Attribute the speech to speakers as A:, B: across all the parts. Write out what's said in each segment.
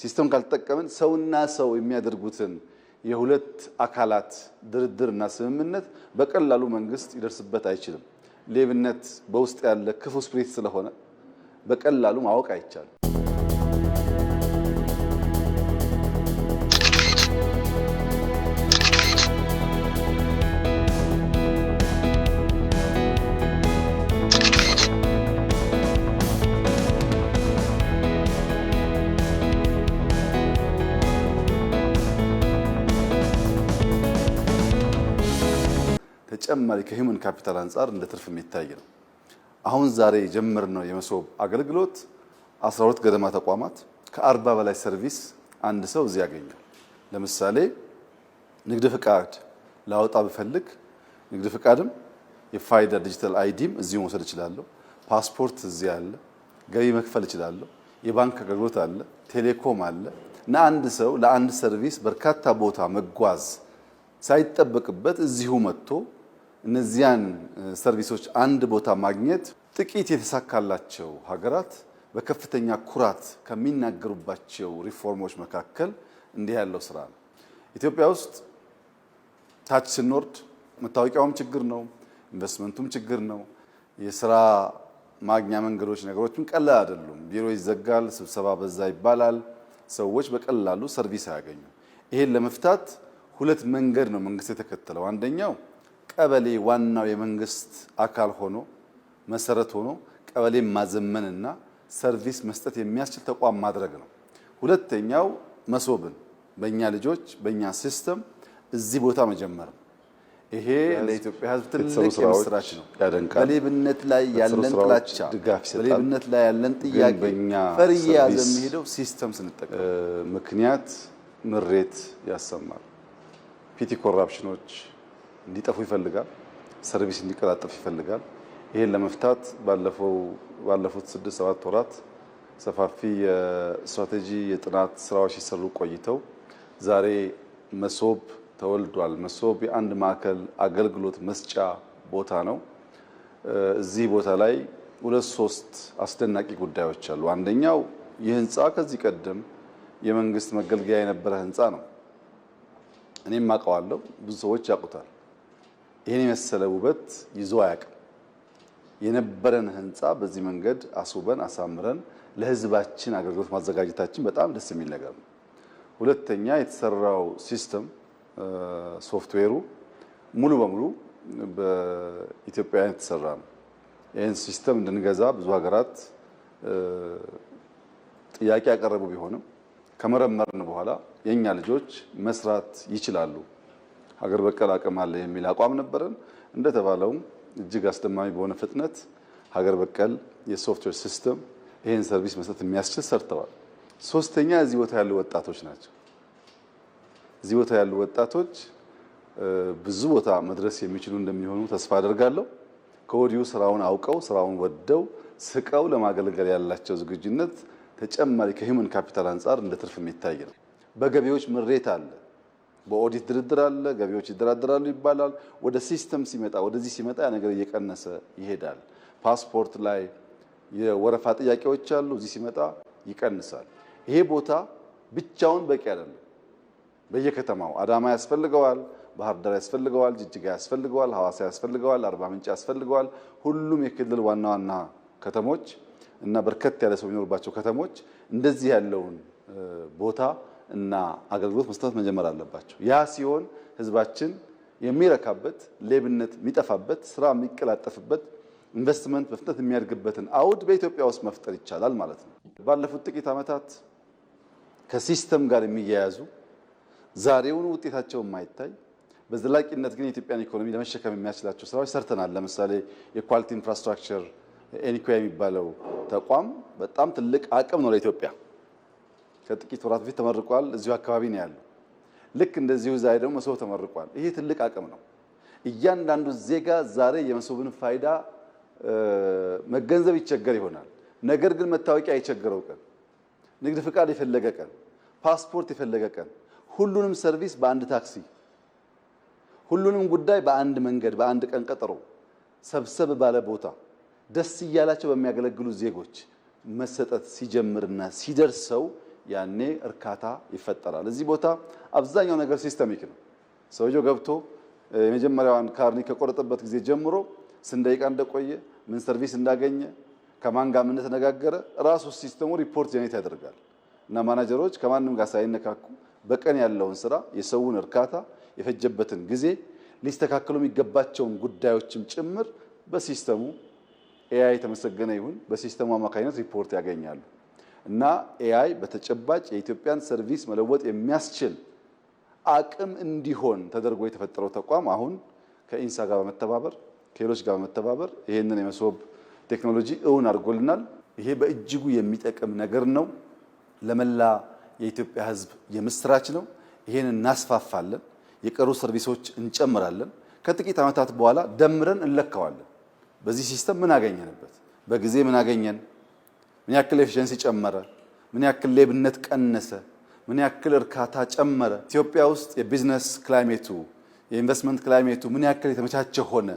A: ሲስተም ካልተጠቀምን ሰውና ሰው የሚያደርጉትን የሁለት አካላት ድርድርና ስምምነት በቀላሉ መንግስት ሊደርስበት አይችልም። ሌብነት በውስጥ ያለ ክፉ ስፕሪት ስለሆነ በቀላሉ ማወቅ አይቻልም። ተጨማሪ ከሂውመን ካፒታል አንጻር እንደ ትርፍ የሚታይ ነው። አሁን ዛሬ የጀመርነው የመሶብ አገልግሎት 12 ገደማ ተቋማት ከአርባ በላይ ሰርቪስ አንድ ሰው እዚህ ያገኛል። ለምሳሌ ንግድ ፍቃድ ላወጣ ብፈልግ ንግድ ፍቃድም የፋይዳ ዲጂታል አይዲም እዚሁ መውሰድ እችላለሁ። ፓስፖርት እዚህ አለ። ገቢ መክፈል እችላለሁ። የባንክ አገልግሎት አለ። ቴሌኮም አለ እና አንድ ሰው ለአንድ ሰርቪስ በርካታ ቦታ መጓዝ ሳይጠበቅበት እዚሁ መጥቶ እነዚያን ሰርቪሶች አንድ ቦታ ማግኘት ጥቂት የተሳካላቸው ሀገራት በከፍተኛ ኩራት ከሚናገሩባቸው ሪፎርሞች መካከል እንዲህ ያለው ስራ ነው። ኢትዮጵያ ውስጥ ታች ስንወርድ መታወቂያውም ችግር ነው፣ ኢንቨስትመንቱም ችግር ነው። የስራ ማግኛ መንገዶች ነገሮችም ቀላል አይደሉም። ቢሮ ይዘጋል፣ ስብሰባ በዛ ይባላል። ሰዎች በቀላሉ ሰርቪስ አያገኙ። ይሄን ለመፍታት ሁለት መንገድ ነው መንግስት የተከተለው አንደኛው ቀበሌ ዋናው የመንግስት አካል ሆኖ መሰረት ሆኖ ቀበሌን ማዘመንና ሰርቪስ መስጠት የሚያስችል ተቋም ማድረግ ነው። ሁለተኛው መሶብን በእኛ ልጆች በእኛ ሲስተም እዚህ ቦታ መጀመር ይሄ ለኢትዮጵያ ሕዝብ ትልቅ የምስራች ነው። በሌብነት ላይ ያለን ጥላቻ፣ በሌብነት ላይ ያለን ጥያቄ ፈርዬ ያዘ የሚሄደው ሲስተም ስንጠቀም
B: ምክንያት ምሬት ያሰማል። ፒቲ ኮራፕሽኖች እንዲጠፉ ይፈልጋል። ሰርቪስ እንዲቀላጠፍ ይፈልጋል። ይሄን ለመፍታት ባለፉት ስድስት ሰባት ወራት ሰፋፊ የስትራቴጂ የጥናት ስራዎች ሲሰሩ ቆይተው ዛሬ መሶብ ተወልዷል። መሶብ የአንድ ማዕከል አገልግሎት መስጫ ቦታ ነው። እዚህ ቦታ ላይ ሁለት ሶስት አስደናቂ ጉዳዮች አሉ። አንደኛው ይህ ህንፃ ከዚህ ቀደም የመንግስት መገልገያ የነበረ ህንፃ ነው። እኔም አውቀዋለሁ፣ ብዙ ሰዎች ያውቁታል። ይህን የመሰለ ውበት ይዞ አያውቅም። የነበረን ህንፃ በዚህ መንገድ አስውበን አሳምረን ለህዝባችን አገልግሎት ማዘጋጀታችን በጣም ደስ የሚል ነገር ነው። ሁለተኛ የተሰራው ሲስተም ሶፍትዌሩ ሙሉ በሙሉ በኢትዮጵያውያን የተሰራ ነው። ይህን ሲስተም እንድንገዛ ብዙ ሀገራት ጥያቄ ያቀረቡ ቢሆንም ከመረመርን በኋላ የእኛ ልጆች መስራት ይችላሉ ሀገር በቀል አቅም አለ የሚል አቋም ነበረን። እንደተባለውም እጅግ አስደማሚ በሆነ ፍጥነት ሀገር በቀል የሶፍትዌር ሲስተም ይህን ሰርቪስ መስጠት የሚያስችል ሰርተዋል። ሶስተኛ እዚህ ቦታ ያሉ ወጣቶች ናቸው። እዚህ ቦታ ያሉ ወጣቶች ብዙ ቦታ መድረስ የሚችሉ እንደሚሆኑ ተስፋ አደርጋለሁ። ከወዲሁ ስራውን አውቀው ስራውን ወደው ስቀው ለማገልገል ያላቸው ዝግጁነት ተጨማሪ ከሂውመን ካፒታል አንጻር እንደ ትርፍ የሚታይ ነው። በገቢዎች ምሬት አለ። በኦዲት ድርድር አለ፣ ገቢዎች ይደራደራሉ ይባላል። ወደ ሲስተም ሲመጣ ወደዚህ ሲመጣ ያ ነገር እየቀነሰ ይሄዳል። ፓስፖርት ላይ የወረፋ ጥያቄዎች አሉ፣ እዚህ ሲመጣ ይቀንሳል። ይሄ ቦታ ብቻውን በቂ አይደለም። በየከተማው አዳማ ያስፈልገዋል፣ ባህር ዳር ያስፈልገዋል፣ ጅጅጋ ያስፈልገዋል፣ ሐዋሳ ያስፈልገዋል፣ አርባ ምንጭ ያስፈልገዋል። ሁሉም የክልል ዋና ዋና ከተሞች እና በርከት ያለ ሰው የሚኖርባቸው ከተሞች እንደዚህ ያለውን ቦታ እና አገልግሎት መስጠት መጀመር አለባቸው። ያ ሲሆን ህዝባችን የሚረካበት፣ ሌብነት የሚጠፋበት፣ ስራ የሚቀላጠፍበት፣ ኢንቨስትመንት በፍጥነት የሚያድግበትን አውድ በኢትዮጵያ ውስጥ መፍጠር ይቻላል ማለት ነው። ባለፉት ጥቂት ዓመታት ከሲስተም ጋር የሚያያዙ ዛሬውን ውጤታቸው የማይታይ በዘላቂነት ግን የኢትዮጵያን ኢኮኖሚ ለመሸከም የሚያስችላቸው ስራዎች ሰርተናል። ለምሳሌ የኳሊቲ ኢንፍራስትራክቸር ኤኒኮያ የሚባለው ተቋም በጣም ትልቅ አቅም ነው ለኢትዮጵያ። ከጥቂት ወራት በፊት ተመርቋል። እዚሁ አካባቢ ነው ያለው። ልክ እንደዚሁ ዛሬ ደግሞ መሶብ ተመርቋል። ይሄ ትልቅ አቅም ነው። እያንዳንዱ ዜጋ ዛሬ የመሶብን ፋይዳ መገንዘብ ይቸገር ይሆናል። ነገር ግን መታወቂያ የቸገረው ቀን፣ ንግድ ፍቃድ የፈለገ ቀን፣ ፓስፖርት የፈለገ ቀን፣ ሁሉንም ሰርቪስ በአንድ ታክሲ፣ ሁሉንም ጉዳይ በአንድ መንገድ፣ በአንድ ቀን ቀጠሮ ሰብሰብ ባለ ቦታ ደስ እያላቸው በሚያገለግሉ ዜጎች መሰጠት ሲጀምርና ሲደርሰው ያኔ እርካታ ይፈጠራል። እዚህ ቦታ አብዛኛው ነገር ሲስተሚክ ነው። ሰውየው ገብቶ የመጀመሪያዋን ካርኒ ከቆረጠበት ጊዜ ጀምሮ ስንት ደቂቃ እንደቆየ፣ ምን ሰርቪስ እንዳገኘ፣ ከማን ጋር ምን እንደተነጋገረ ራሱ ሲስተሙ ሪፖርት ጀኔት ያደርጋል እና ማናጀሮች ከማንም ጋር ሳይነካኩ በቀን ያለውን ስራ፣ የሰውን እርካታ፣ የፈጀበትን ጊዜ፣ ሊስተካከሉ የሚገባቸውን ጉዳዮችም ጭምር በሲስተሙ ኤአይ የተመሰገነ ይሁን በሲስተሙ አማካኝነት ሪፖርት ያገኛሉ። እና ኤአይ በተጨባጭ የኢትዮጵያን ሰርቪስ መለወጥ የሚያስችል አቅም እንዲሆን ተደርጎ የተፈጠረው ተቋም አሁን ከኢንሳ ጋር በመተባበር ከሌሎች ጋር በመተባበር ይሄንን የመሶብ ቴክኖሎጂ እውን አድርጎልናል። ይሄ በእጅጉ የሚጠቅም ነገር ነው። ለመላ የኢትዮጵያ ሕዝብ የምስራች ነው። ይሄን እናስፋፋለን። የቀሩ ሰርቪሶች እንጨምራለን። ከጥቂት ዓመታት በኋላ ደምረን እንለካዋለን። በዚህ ሲስተም ምን አገኘንበት? በጊዜ ምን አገኘን? ምን ያክል ኤፊሸንሲ ጨመረ፣ ምን ያክል ሌብነት ቀነሰ፣ ምን ያክል እርካታ ጨመረ፣ ኢትዮጵያ ውስጥ የቢዝነስ ክላይሜቱ የኢንቨስትመንት ክላይሜቱ ምን ያክል የተመቻቸ ሆነ፣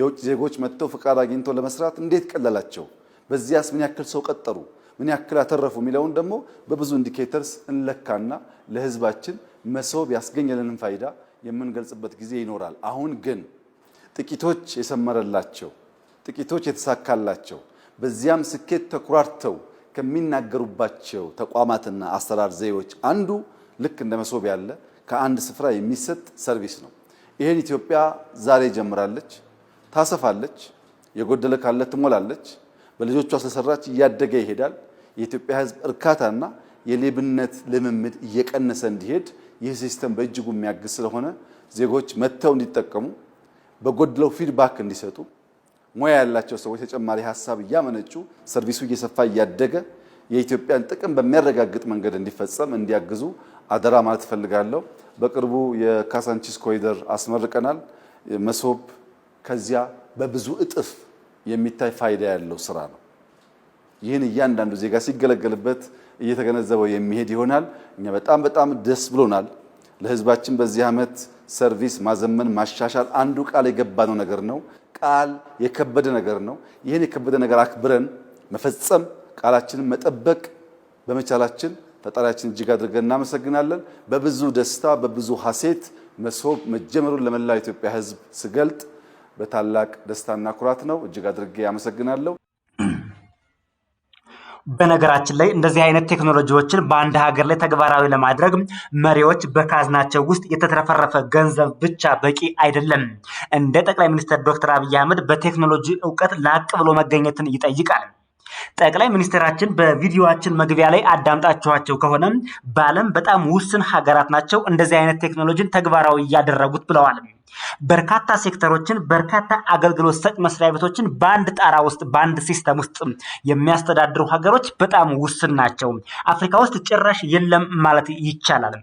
B: የውጭ ዜጎች መጥተው ፍቃድ አግኝቶ ለመስራት እንዴት ቀለላቸው፣ በዚያስ ምን ያክል ሰው ቀጠሩ፣ ምን ያክል አተረፉ የሚለውን ደግሞ በብዙ ኢንዲኬተርስ እንለካና ለህዝባችን መሶብ ያስገኘልንን ፋይዳ የምንገልጽበት ጊዜ ይኖራል። አሁን ግን ጥቂቶች የሰመረላቸው ጥቂቶች የተሳካላቸው በዚያም ስኬት ተኩራርተው ከሚናገሩባቸው ተቋማትና አሰራር ዘዴዎች አንዱ ልክ እንደ መሶብ ያለ ከአንድ ስፍራ የሚሰጥ ሰርቪስ ነው። ይህን ኢትዮጵያ ዛሬ ጀምራለች፣ ታሰፋለች፣ የጎደለ ካለ ትሞላለች። በልጆቿ ስለሰራች እያደገ ይሄዳል። የኢትዮጵያ ሕዝብ እርካታና የሌብነት ልምምድ እየቀነሰ እንዲሄድ ይህ ሲስተም በእጅጉ የሚያግዝ ስለሆነ ዜጎች መጥተው እንዲጠቀሙ በጎድለው ፊድባክ እንዲሰጡ ሙያ ያላቸው ሰዎች ተጨማሪ ሀሳብ እያመነጩ ሰርቪሱ እየሰፋ እያደገ የኢትዮጵያን ጥቅም በሚያረጋግጥ መንገድ እንዲፈጸም እንዲያግዙ አደራ ማለት እፈልጋለሁ። በቅርቡ የካሳንቺስ ኮሪደር አስመርቀናል። መሶብ ከዚያ በብዙ እጥፍ የሚታይ ፋይዳ ያለው ስራ ነው። ይህን እያንዳንዱ ዜጋ ሲገለገልበት እየተገነዘበው የሚሄድ ይሆናል። እኛ በጣም በጣም ደስ ብሎናል። ለህዝባችን በዚህ ዓመት ሰርቪስ ማዘመን ማሻሻል አንዱ ቃል የገባነው ነገር ነው። ቃል የከበደ ነገር ነው። ይህን የከበደ ነገር አክብረን መፈጸም ቃላችንን መጠበቅ በመቻላችን ፈጣሪያችን እጅግ አድርገን እናመሰግናለን። በብዙ ደስታ በብዙ ሀሴት መሶብ መጀመሩን ለመላው ኢትዮጵያ ህዝብ ስገልጥ በታላቅ ደስታና ኩራት ነው። እጅግ አድርጌ አመሰግናለሁ።
C: በነገራችን ላይ እንደዚህ አይነት ቴክኖሎጂዎችን በአንድ ሀገር ላይ ተግባራዊ ለማድረግ መሪዎች በካዝናቸው ውስጥ የተትረፈረፈ ገንዘብ ብቻ በቂ አይደለም። እንደ ጠቅላይ ሚኒስትር ዶክተር አብይ አህመድ በቴክኖሎጂ እውቀት ላቅ ብሎ መገኘትን ይጠይቃል። ጠቅላይ ሚኒስትራችን በቪዲዮችን መግቢያ ላይ አዳምጣችኋቸው ከሆነ በዓለም በጣም ውስን ሀገራት ናቸው እንደዚህ አይነት ቴክኖሎጂን ተግባራዊ እያደረጉት ብለዋል። በርካታ ሴክተሮችን በርካታ አገልግሎት ሰጭ መስሪያ ቤቶችን በአንድ ጣራ ውስጥ በአንድ ሲስተም ውስጥ የሚያስተዳድሩ ሀገሮች በጣም ውስን ናቸው። አፍሪካ ውስጥ ጭራሽ የለም ማለት ይቻላል።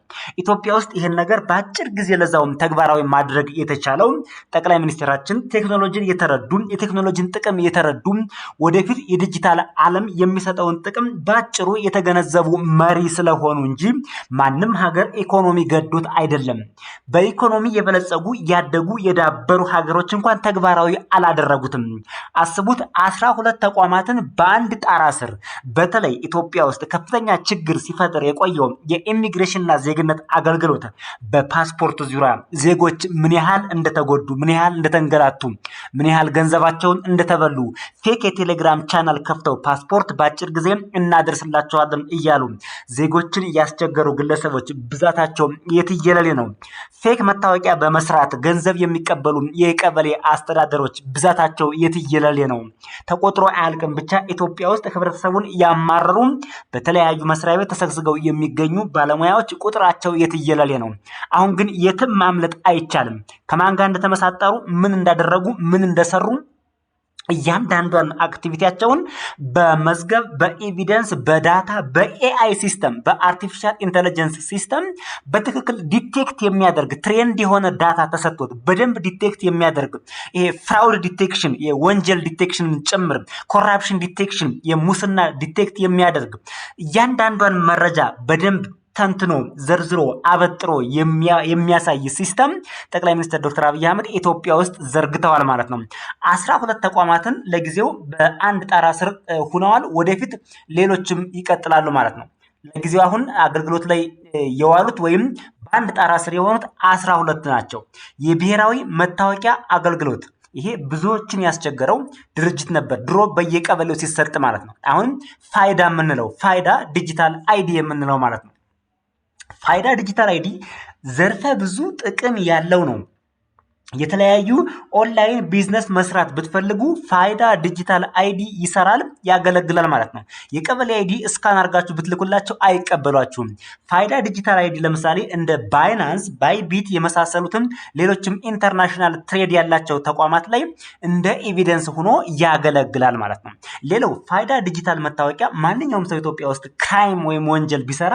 C: ኢትዮጵያ ውስጥ ይህን ነገር በአጭር ጊዜ ለዛውም ተግባራዊ ማድረግ የተቻለው ጠቅላይ ሚኒስትራችን ቴክኖሎጂን የተረዱ የቴክኖሎጂን ጥቅም የተረዱ ወደፊት የዲጂታል ዓለም የሚሰጠውን ጥቅም በአጭሩ የተገነዘቡ መሪ ስለሆኑ እንጂ ማንም ሀገር ኢኮኖሚ ገዶት አይደለም። በኢኮኖሚ የበለጸጉ ያደጉ የዳበሩ ሀገሮች እንኳን ተግባራዊ አላደረጉትም። አስቡት አስራ ሁለት ተቋማትን በአንድ ጣራ ስር በተለይ ኢትዮጵያ ውስጥ ከፍተኛ ችግር ሲፈጥር የቆየው የኢሚግሬሽንና ዜግነት አገልግሎት በፓስፖርት ዙሪያ ዜጎች ምን ያህል እንደተጎዱ፣ ምን ያህል እንደተንገላቱ፣ ምን ያህል ገንዘባቸውን እንደተበሉ ፌክ የቴሌግራም ቻናል ከፍተው ፓስፖርት በአጭር ጊዜ እናደርስላቸዋለን እያሉ ዜጎችን ያስቸገሩ ግለሰቦች ብዛታቸው የትየለሌ ነው። ፌክ መታወቂያ በመስራት ገንዘብ የሚቀበሉ የቀበሌ አስተዳደሮች ብዛታቸው የትየለሌ ነው፣ ተቆጥሮ አያልቅም። ብቻ ኢትዮጵያ ውስጥ ህብረተሰቡን ያማረሩ በተለያዩ መስሪያ ቤት ተሰግስገው የሚገኙ ባለሙያዎች ቁጥራቸው የትየለሌ ነው። አሁን ግን የትም ማምለጥ አይቻልም። ከማን ጋር እንደተመሳጠሩ፣ ምን እንዳደረጉ፣ ምን እንደሰሩ እያንዳንዷን አክቲቪቲያቸውን በመዝገብ በኤቪደንስ በዳታ በኤአይ ሲስተም በአርቲፊሻል ኢንቴሊጀንስ ሲስተም በትክክል ዲቴክት የሚያደርግ ትሬንድ የሆነ ዳታ ተሰጥቶት በደንብ ዲቴክት የሚያደርግ ይሄ ፍራውድ ዲቴክሽን የወንጀል ዲቴክሽን ጭምር ኮራፕሽን ዲቴክሽን የሙስና ዲቴክት የሚያደርግ እያንዳንዷን መረጃ በደንብ ተንትኖ ዘርዝሮ አበጥሮ የሚያሳይ ሲስተም ጠቅላይ ሚኒስትር ዶክተር አብይ አህመድ ኢትዮጵያ ውስጥ ዘርግተዋል ማለት ነው። አስራ ሁለት ተቋማትን ለጊዜው በአንድ ጣራ ስር ሁነዋል። ወደፊት ሌሎችም ይቀጥላሉ ማለት ነው። ለጊዜው አሁን አገልግሎት ላይ የዋሉት ወይም በአንድ ጣራ ስር የሆኑት አስራ ሁለት ናቸው። የብሔራዊ መታወቂያ አገልግሎት ይሄ ብዙዎችን ያስቸገረው ድርጅት ነበር። ድሮ በየቀበሌው ሲሰጥ ማለት ነው። አሁን ፋይዳ የምንለው ፋይዳ ዲጂታል አይዲ የምንለው ማለት ነው። ፋይዳ ዲጂታል አይዲ ዘርፈ ብዙ ጥቅም ያለው ነው። የተለያዩ ኦንላይን ቢዝነስ መስራት ብትፈልጉ ፋይዳ ዲጂታል አይዲ ይሰራል፣ ያገለግላል ማለት ነው። የቀበሌ አይዲ እስካን አርጋችሁ ብትልኩላቸው አይቀበሏችሁም። ፋይዳ ዲጂታል አይዲ ለምሳሌ እንደ ባይናንስ፣ ባይቢት የመሳሰሉትም ሌሎችም ኢንተርናሽናል ትሬድ ያላቸው ተቋማት ላይ እንደ ኤቪደንስ ሆኖ ያገለግላል ማለት ነው። ሌላው ፋይዳ ዲጂታል መታወቂያ ማንኛውም ሰው ኢትዮጵያ ውስጥ ክራይም ወይም ወንጀል ቢሰራ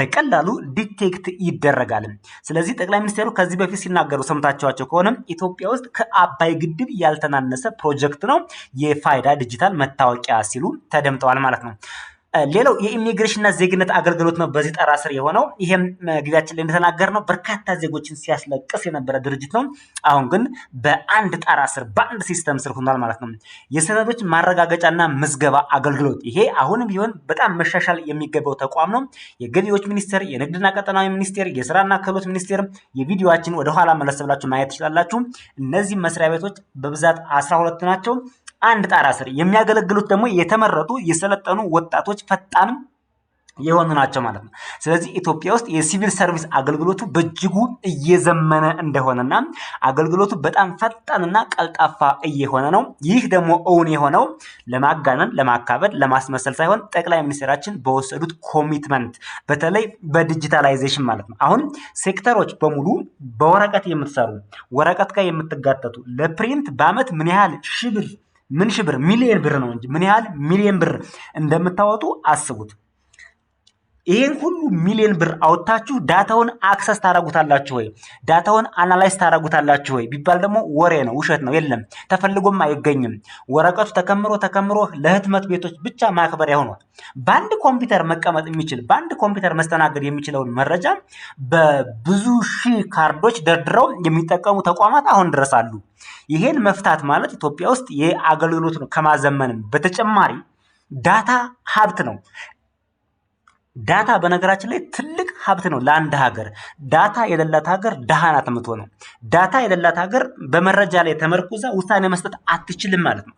C: በቀላሉ ዲቴክት ይደረጋል። ስለዚህ ጠቅላይ ሚኒስትሩ ከዚህ በፊት ሲናገሩ ሰምታችኋቸው ከሆነ ስለሆነም ኢትዮጵያ ውስጥ ከአባይ ግድብ ያልተናነሰ ፕሮጀክት ነው የፋይዳ ዲጂታል መታወቂያ ሲሉ ተደምጠዋል ማለት ነው። ሌላው የኢሚግሬሽንና ዜግነት አገልግሎት ነው። በዚህ ጠራ ስር የሆነው ይሄም መግቢያችን ላይ እንደተናገር ነው በርካታ ዜጎችን ሲያስለቅስ የነበረ ድርጅት ነው። አሁን ግን በአንድ ጠራ ስር በአንድ ሲስተም ስር ሆኗል ማለት ነው። የሰነዶች ማረጋገጫና ምዝገባ አገልግሎት ይሄ አሁንም ቢሆን በጣም መሻሻል የሚገባው ተቋም ነው። የገቢዎች ሚኒስቴር፣ የንግድና ቀጠናዊ ሚኒስቴር፣ የስራና ክህሎት ሚኒስቴር የቪዲዮችን ወደኋላ መለስ ብላችሁ ማየት ትችላላችሁ። እነዚህ መስሪያ ቤቶች በብዛት አስራ ሁለት ናቸው። አንድ ጣራ ስር የሚያገለግሉት ደግሞ የተመረጡ የሰለጠኑ ወጣቶች ፈጣን የሆኑ ናቸው ማለት ነው። ስለዚህ ኢትዮጵያ ውስጥ የሲቪል ሰርቪስ አገልግሎቱ በእጅጉ እየዘመነ እንደሆነና አገልግሎቱ በጣም ፈጣንና ቀልጣፋ እየሆነ ነው። ይህ ደግሞ እውን የሆነው ለማጋነን፣ ለማካበድ፣ ለማስመሰል ሳይሆን ጠቅላይ ሚኒስትራችን በወሰዱት ኮሚትመንት፣ በተለይ በዲጂታላይዜሽን ማለት ነው። አሁን ሴክተሮች በሙሉ በወረቀት የምትሰሩ ወረቀት ጋር የምትጋተቱ ለፕሪንት በአመት ምን ያህል ሺህ ብር ምን ሺህ ብር ሚሊየን ብር ነው እንጂ ምን ያህል ሚሊየን ብር እንደምታወጡ አስቡት። ይሄን ሁሉ ሚሊየን ብር አውጥታችሁ ዳታውን አክሰስ ታደርጉታላችሁ ወይ? ዳታውን አናላይዝ ታደርጉታላችሁ ወይ ቢባል ደግሞ ወሬ ነው፣ ውሸት ነው። የለም ተፈልጎም አይገኝም። ወረቀቱ ተከምሮ ተከምሮ ለህትመት ቤቶች ብቻ ማክበሪያ ሆኗል። በአንድ ኮምፒውተር መቀመጥ የሚችል በአንድ ኮምፒውተር መስተናገድ የሚችለውን መረጃ በብዙ ሺህ ካርዶች ደርድረው የሚጠቀሙ ተቋማት አሁን ድረስ አሉ። ይሄን መፍታት ማለት ኢትዮጵያ ውስጥ የአገልግሎት ነው ከማዘመንም በተጨማሪ ዳታ ሀብት ነው። ዳታ በነገራችን ላይ ትልቅ ሀብት ነው ለአንድ ሀገር። ዳታ የሌላት ሀገር ድሃ ናት የምትሆነው። ዳታ የሌላት ሀገር በመረጃ ላይ ተመርኩዛ ውሳኔ መስጠት አትችልም ማለት ነው።